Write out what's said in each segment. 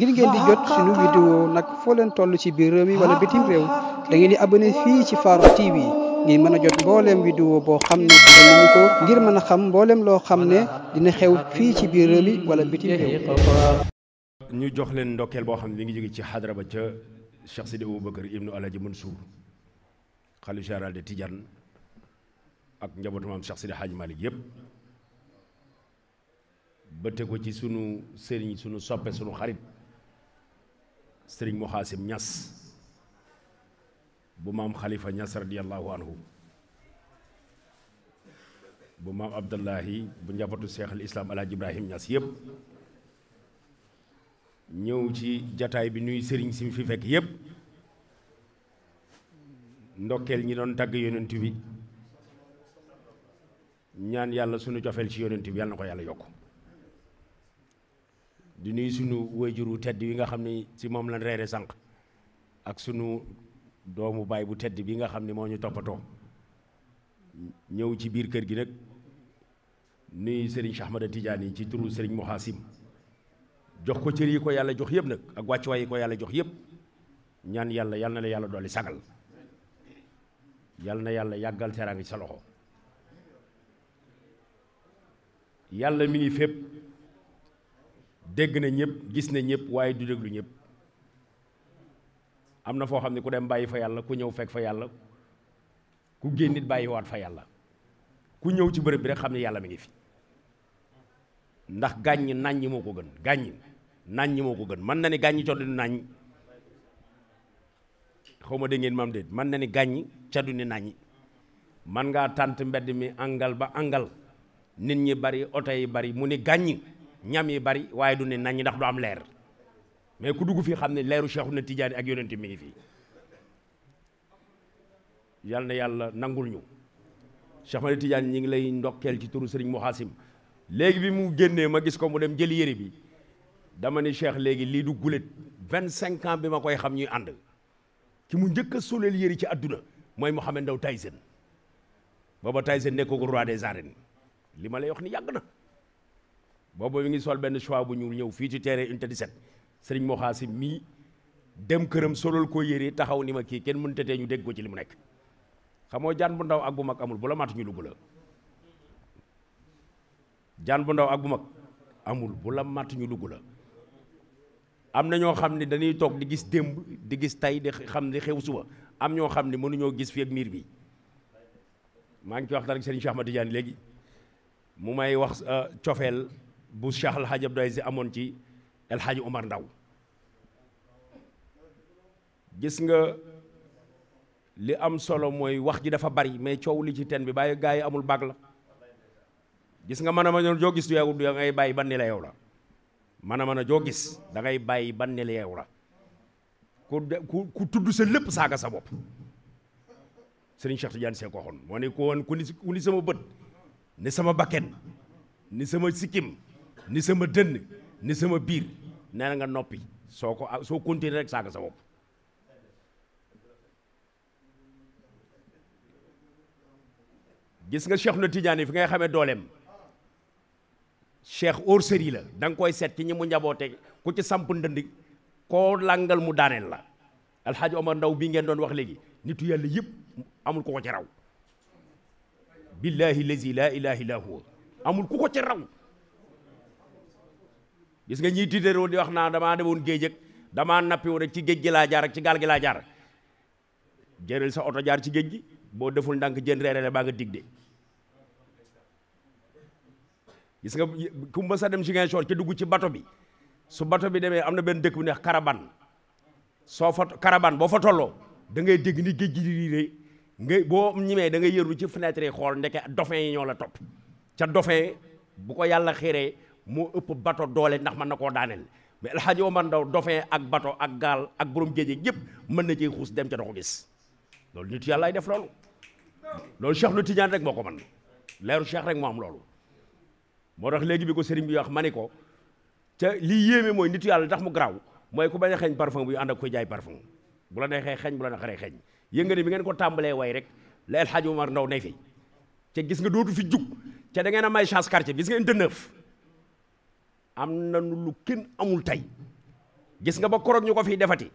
ngir ngeen di jot suñu vidéo nag foo leen toll ci biir réew mi wala bitim réew da ngeen di abonné fii ci Farokh TV ngir mën a jot mbooleem vidéo boo xam ne dina nañu ko ngir mën a xam mbooleem loo xam ne dina xew fii ci biir réew mi wala bitim réew ñu jox leen ndokkeel boo xam ne mi ngi jóge ci xadra ba ca Cheikh Sidi Aboubacar ibnu Alaji Mansour xalifa général de Tidiane ak njabootu maam Cheikh Sidi Hadj Malick yépp bëtte ko ci sunu sëriñ sunu soppe sunu xarit sëriñ Muxaasim Ñas bu maam Xalifa Ñas radiyallahu anhu bu maam Abdullahi bu njabootu seexal islaam alaaji Ibrahim Ñas yépp ñëw ci jataay bi nuy sëriñ si fi fekk yépp ndokkeel ñi doon tagg yonent bi ñaan yàlla sunu jofeel ci yonent bi yàlla na ko yàlla yokk di nuyu sunu wayjur wu tedd wi nga xam ni si moom lañ reere sànq ak sunu doomu baay bu tedd bi nga xam ni moo ñu toppatoo ñëw ci biir kër gi nag nuyu Serigne Cheikh Ahmada Tidiane yi ci turu sëriñ Mouhassim jox ko cër yi ko yàlla jox yëpp nag ak wàccuwaay yi ko yàlla jox yëpp ñaan yàlla yal na la yàlla dolli sagal yal na yàlla yàggal teraanga ci sa loxo yàlla mi ngi fépp. dégg na ñépp gis na ñëpp waaye du déglu ñépp am na foo xam ne ku dem bàyyi fa yàlla ku ñëw fekk fa yàlla ku génn nit bàyyi waat fa yàlla ku ñëw ci bërëb bi rek xam ne yàlla mi ngi fi ndax gàññ nàññ moo ko gën gàññ nàññi moo ko gën mën na ni gàññ coddu ni nàññ xaw ma dégg ngeen maam déet mën na ni gàññ coddu ni nàññ man ngaa tànt mbedd mi angal ba angal nit ñi bari oto yi bari mu ni gàññ ñam yi bari waaye du ne nañ ndax du am leer mais ku dugg fii xam ne leeru Cheikhu na Tijaani ak yonente mi ngi fii yal na yàlla nangul ñu Cheikh Ahmad Tidiane ñi ngi lay ndokkeel ci turu Serigne Mouhassim léegi bi mu génnee ma gis ko mu dem jël yére bi dama ni Cheikh léegi lii du gulet vingt cinq ans bi ma koy xam ñuy ànd ki mu njëkk a soleel yére ci àdduna mooy Mouhamed Ndao Tyson booba Tyson nekkoogul roi des arènes li ma lay wax ni yàgg na boobu mi ngi sol benn choix bu ñuul ñëw fii ci terrain unité 17 sëriñ Moxa Si mii dem këram solal ko yére taxaw ni ma kii kenn mënuta a tee ñu dégg ko ci li mu nekk xamoo jaan bu ndaw ak bu mag amul bu la mat ñu lugg la jaan bu ndaw ak bu mag amul bu la mat ñu am na ñoo xam ne dañuy toog di gis démb di gis tey di xam ne xew suba am ñoo xam ne mënuñoo gis fi ak miir bi maa ngi ci wax ak sëriñ Cheikh Ahmadou léegi mu may wax euh, cofeel bu Cheikh El Hadj Abdoulaye Sy amoon ci El Hadj Ndaw gis nga li am solo mooy wax ji dafa bari mais coow li ci ten bi bàyyi gaa yi amul bag la gis nga mën a mën a joo gis du yow da bàyyi ban ni la yow la mën a joo gis da bàyyi ban la yow ku ku ku tudd sa lépp saaga sa bopp Serigne Cheikh Tidiane Seck waxoon moo ne ko ku ni sama bët ni sama bakken ni sama sikkim ni sama dënn ni sama biir nee na nga noppi soo ko soo continuer rek saaga sa bopp gis nga Cheikh na Tidiane fi ngay xamee dooleem cheikh hors série la da koy seet ci ñi mu njaboote ku ci samp ndënd koo làngal mu daaneel la alxaaji Omar Ndaw bi ngeen doon wax léegi nitu yàlla yépp amul ku ko ci raw billahi lazi la ilaha illa amul ku ko ci raw gis nga ñiy tiitaroo di wax naa damaa demoon géej ak damaa nappi rek ci géej gi laa jaar ak ci gaal gi laa jaar jëral sa oto jaar ci géej gi boo deful ndànk jën reere la baa nga dig de gis nga kumba sa dem Ziguinchor ci dugg ci bato bi su bato bi demee am na benn dëkk bu neex karaban soo fa karaban boo fa tolloo da ngay dégg ni géej gi di riiree nga boo ñimee da ngay yëru ci fenêtre xool ndeke dauphin yi ñoo la topp ca dauphin bu ko yàlla xiree moo ëpp bato doole ndax mën na koo daaneel mais El Hadj Omar Ndaw dauphin ak bato ak gaal ak borom géej yëpp mën na cee xuus dem ca ko gis loolu nit yàlla ay def loolu loolu Cheikh nu Tidiane rek moo ko man leeru Cheikh rek moo am loolu moo tax léegi bi ko sëriñ bu wax ma ni ko ca lii yéeme mooy nit yàlla tax mu garaaw mooy ku bañ a xeeñ parfum bu ànd ak koy jaay parfum bu la neexee xeeñ bu la naqaree xeeñ yëngani bi ngeen ko tàmbalee way rek la El Hadj Omar Ndaw nay fi ca gis nga dootu fi jug ca da ngeen a may chance quartier bi am na lu kin amul tay gis nga ba korok ñuko fi defati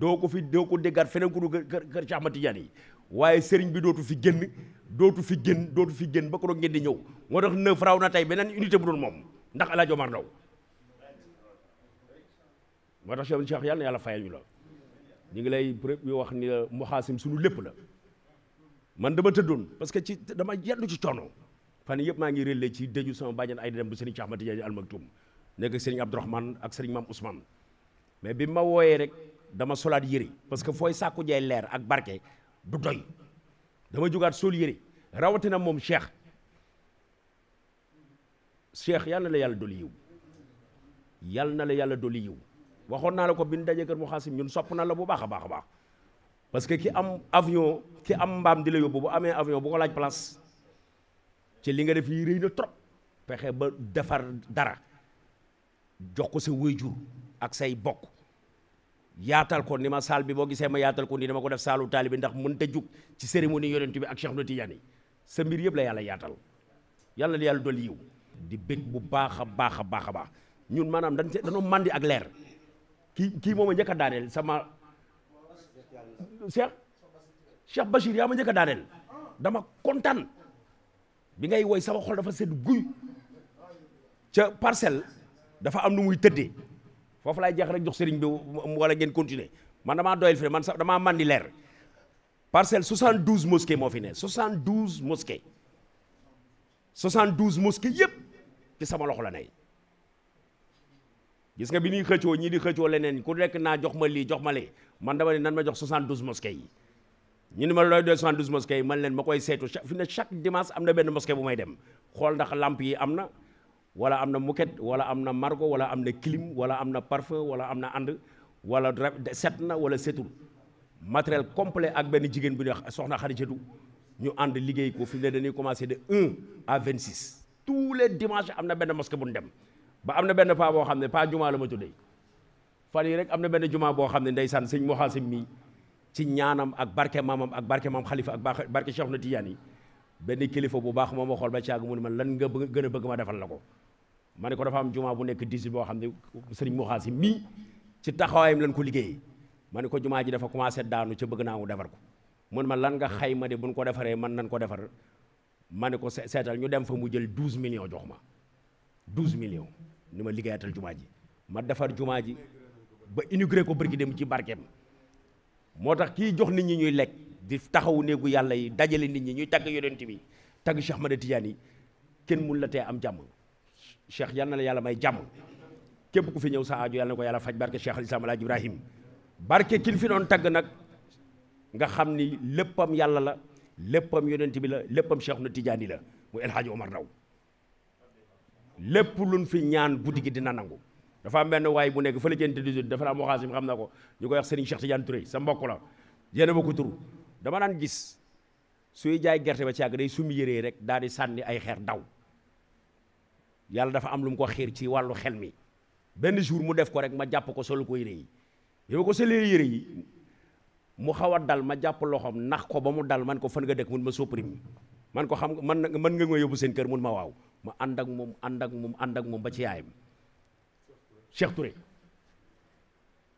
do ko fi do ko déggaat fene ko du kër Cheikh Ahmad Tidiane yi waaye bi dootu fi genn dootu fi genn dootu fi genn ba koroog ngeen di ñew moo tax neuf raw na tay benen unité bu doon mom ndax El mar Ndaw mo tax Cheikh Cheikh yalla yalla fayal ñu la ñi ngi lay yu wax ni muhasim suñu lepp la man dama teddun parce que ci dama yetlu ci tono fane yëpp ma ngi relé ci deju sama bàjjan ay dem bu serigne Cheikh Ahmad Tidiane Al Maktoum nek serigne abdourahman ak serigne mam ousmane mais bi ma wooyee rek dama solat yëre parce que foy juga jey lèr ak barké du doy dama jugat sol rawati rawatina mom cheikh cheikh yalla la yalla doli yiw yalla na la yalla doli waxon na la ko bin daje keur mu ñun sop na la bu baax baax parce que ki am avion ki am mbam di la ame bu amé avion bu ko laaj place ci li nga def yi reyna trop fexe ba defar dara jox ko sa wayjur ak say bok yaatal ko ni ma sal bi bo gise ma yaatal ko ni dama ko def salu taalibi ndax ta juk ci cérémonie yonent bi ak Cheikh Ahmad yani sa mbir yeb la yalla yaatal yalla na yalla dol yiw di bekk bu baakha baakha baakha ba ñun manam dañ ci dañu mandi ak ki ki moma ñeka daanel sama Cheikh Cheikh bashir ya ma ñeka daanel dama kontan. bi ngay woy sama xol dafa sedd guuy ca parcelle dafa am nu muy tëddee fofu lay jax rek jox serigne bi wala ngeen continuer man dama doyal fi man sax damaa màndi lèr parcelle 72 mosquées mo fi né 72 mosquées 72 mosquées yépp ci sama loxo la ne gis nga bi ni xëccoo ñi di xëccoo leneen ku rek naa jox ma lii jox ma lee man dama ne nan ma jox 72 mosquées yi ñu ni ma looy doy 72 mosquées yi man leen ma koy seetu chaque fi ne chaque dimanche am na benn mosquée bu may dem xool ndax lampe yi am na. wala am na moquette wala am na margo wala am na clim wala am na parfum wala am na ànd wala set na wala setul matériel complet ak benn jigéen bu ñuy wax soxna Xadijatu ñu ànd liggéey ko fi mu ne dañuy commencé de 1 à 26 tous les dimanches am na benn mosquée bu ñu dem ba am na benn paa boo xam ne paa jumaa la ma tuddee fan yi rek am na benn jumaa boo xam ne ndeysaan sëñ Moxaasim mii ci ñaanam ak barke maamam ak barke maam xalifa ak bar Cheikh na Tijaan yi benn bu baax moom ma xool ba caag mu ne ma lan a bëgg ma defal la ko ma ne ko dafa am jumaa bu nekk disi boo xam ne sëriñ si mii ci taxawaayam lan ko liggéeyee ma ne ko jumaa ji dafa commencé daanu ca bëgg naa mu defar ko mun ma lan nga xayma de buñ ko defaree man nañ ko defar ma ne ko seetal ñu dem fa mu jël 12 millions jox ma 12 millions ni ma liggéeyatal jumaa ji ma defar jumaa ji ba inigre ko bërki dem ci barkeem moo tax kii jox nit ñi ñuy lekk di taxawu néegu yàlla yi dajale nit ñi ñuy tagg yonent bi tagg Cheikh Ahmada Tidiane yi kenn mun la tee am jàmm cheikh yal na la yàlla may jàmm képp ku fi ñëw sa ajo yàlla na ko yàlla faj barke cheikh al islam alaaj ibrahim barke kin fi doon tagg nag nga xam ni léppam yàlla la léppam yonent bi la léppam cheikh na tijaani la mu El Hadj Omar Ndaw lépp luñ fi ñaan guddi gi dina nangu dafa am benn waay bu nekk fële jënte di dafa naa moxaas mi xam na ko ñu koy wax Serigne Cheikh Tidiane Touré sa mbokk la yéen a bokk dama daan gis suy jaay gerte ba ci yàgg day sumi yëree rek daal di sànni ay xeer daw yalla dafa am lu ko xir ci walu xel mi jour mu def ko rek ma japp ko solo ko yere yi yow ko solee yere yi mu xawa dal ma japp loxom nax ko ba mu dal man ko fan nga dekk mun ma supprime man ko xam man man nga ngoy yobu sen keur mun ma waw ma and ak mom and ak mom and ak mom ba ci yaayam Cheikh Touré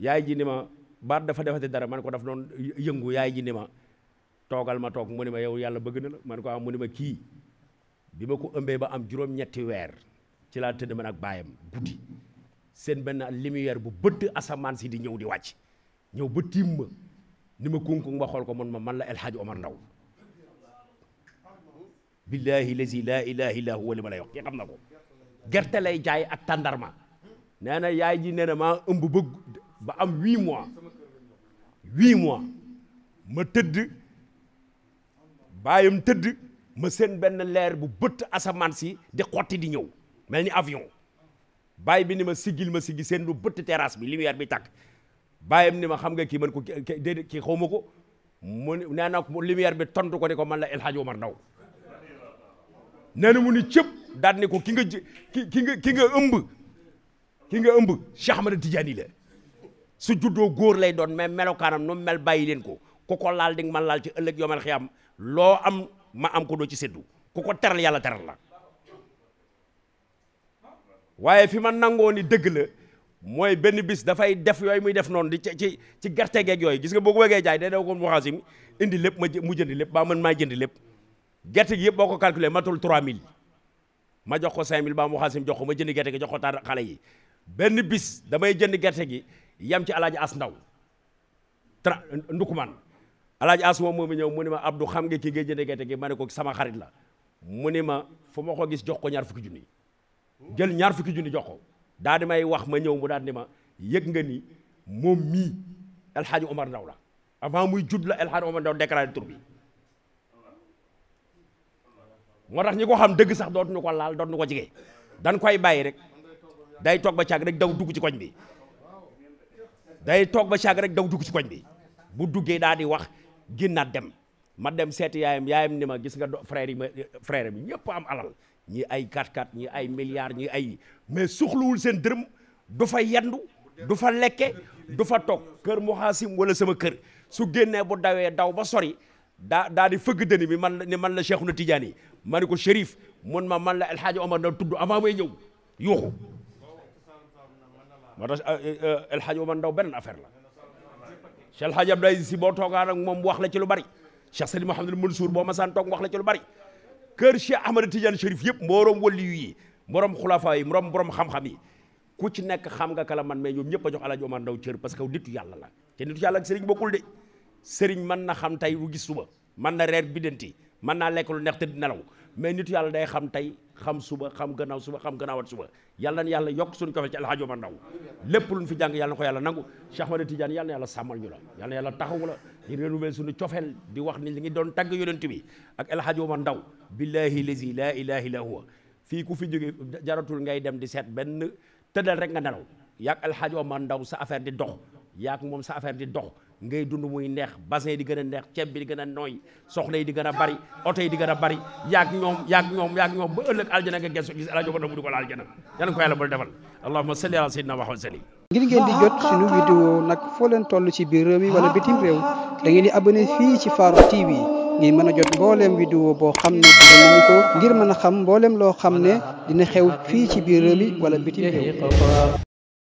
yaay ji ni ma baat dafa defati dara man ko daf non yeungu yaay ji ni ma togal ma tok mu ma yow yalla beug na man ko am ah, munima ki ma kii bi ko ëmbee ba am juróom-ñetti ci laa tëdd ma ak baayam guddi seen benn lumière bu bëtt asamaan si di ñëw di wàcc ñëw ba tiim ma ni ma kunkung ba xool ko mën ma man la El Hadj Omar Ndaw billaahi lazi laa ilaaha illaa huwa li ma lay wax kii xam na ko gerte lay jaay ak tàndarma nee na yaay ji nee na ëmb ba ba am huit mois huit mois ma tëdd baayam tëdd ma seen benn leer bu bëtt asamaan si di xotti di ñëw mel ni avion bàyyi bi ni ma siggil ma siggi seen lu bëtt terrasse bi lumière bi tàkk bàyyam ni ma xam nga kii man ko déedéet kii xaw ma ko mu nee na lumière bi tontu ko ni ko man la El Hadj Omar Ndaw nee na mu ni cëpp daal ni ko ki nga ki nga ki nga ëmb ki nga ëmb Cheikh Ahmada Tidiane la su juddoo góor lay doon mais melokaanam nu mel bàyyi leen ko ku ko laal di nga man laal ci ëllëg yomal xiyam loo am ma am ko doo ci séddu ku ko teral yàlla teral la waaye fi ma nangoo ni dëgg la mooy benn bis dafay def yooyu muy def noonu di ci ci ci gerte geeg yooyu gis nga boo ko bëggee jaay day daw ko waxaasi mi indi lépp ma mu jënd lépp baa man maa jënd lépp gerte gi yëpp boo ko calculé matul 3000 ma jox ko 5000 baa mu waxaasi ko ma jënd gerte gi jox ko taal yi benn bis damay jënd gerte gi yam ci alaaji as ndaw tra ndukuman alaaji as moom moomu ñëw mu ne ma Abdou xam nga kii ngay jënd gerte gi ma ne ko sama xarit la mu ne ma fu ma ko gis jox ko ñaar fukki junni jël ñaar fukki junni jox ko daa di may wax ma ñëw mu daal di ma yëg nga ni moom mii El Hadj Ndaw la avant muy judd la El Hadj Omar Ndaw déclaré tur bi moo tax ñi ko xam dëgg sax dootuñu ko laal dootuñu ko jege dan koy bàyyi rek day toog ba càgg rek daw dugg ci koñ bi day toog ba càgg rek daw dugg ci koñ bi bu duggee daa di wax génnaat dem ma dem seeti yaayam yaayam ni ma gis nga frère yi ma frère bi ñëpp am alal ñi ay 4-4 ñi ay milliards ñi ay mais suxluwul seen dërëm du fa yendu du fa lekke du fa toog kër muxaasim wala sama kër su génnee bu dawee daw ba sori daa daa di fëgg dëni bi man ni man la Cheikh na Tidiane yi ma ni ko Chérif mun ma man la El Hadj Omar tudd avant may ñëw yuuxu moo tax euh, euh, euh, El Hadj Omar Ndaw benn affaire la Cheikh El Hadj Abdoulaye Si boo toogaan ak moom wax la ci lu bari Cheikh Seydi boo masaan toog wax la ci lu bari kër Cheikh Ahmada Tidiane Chérif yëpp mbooroom waliyu yi mbooroom xulafaa yi mbooroom borom xam-xam yi ku nekk xam nga kala man mais ñoom ñëpp a jox Alaaji Omar Ndaw cër parce que nitu yàlla la te nitu yàlla ak sëriñ bokkul de sëriñ mën na xam tey lu gis suba mën na reer bidanti mën naa lekk lu neex te di nelaw mais nitu yàlla day xam tay xam suba xam gannaaw suba xam gannaawat suba yàlla na yàlla yokk suñu cofee ci alxaajo ma ndaw lépp luñ fi jàng yàlla na ko yàlla nangu Cheikh Ahmada Tidiane yàlla na yàlla sàmmal ñu la yàlla na yàlla taxawu la di renouveler suñu cofeel di wax ni li ngi doon tagg yonent bi ak alxaajo ma ndaw billahi lazi la ilaha illa huwa fii ku fi jóge jaratul ngay dem di seet benn tëddal rek nga nelaw yaag alxaajo ma ndaw sa affaire di dox yaag moom sa affaire di dox ngay dund muy neex bassin di gën a neex ceeb bi di gën a nooy soxla yi di a bari oto yi di gën a bari yaag ñoom yaag ñoom yaag ba ëllëg aljana nga gesu gis alajo ko do mu dugal aljana yal na ko yàlla bul defal allahumma salli ala ngeen di jot suñu vidéo nag foo leen toll ci biir réew mi wala bitim réew da ngeen di abonné fii ci Farokh TV ngir mën a jot mbooleem vidéo boo xam ne ngir mën a xam mbooleem loo xam ne dina xew fii ci biir réew walla wala bitim réew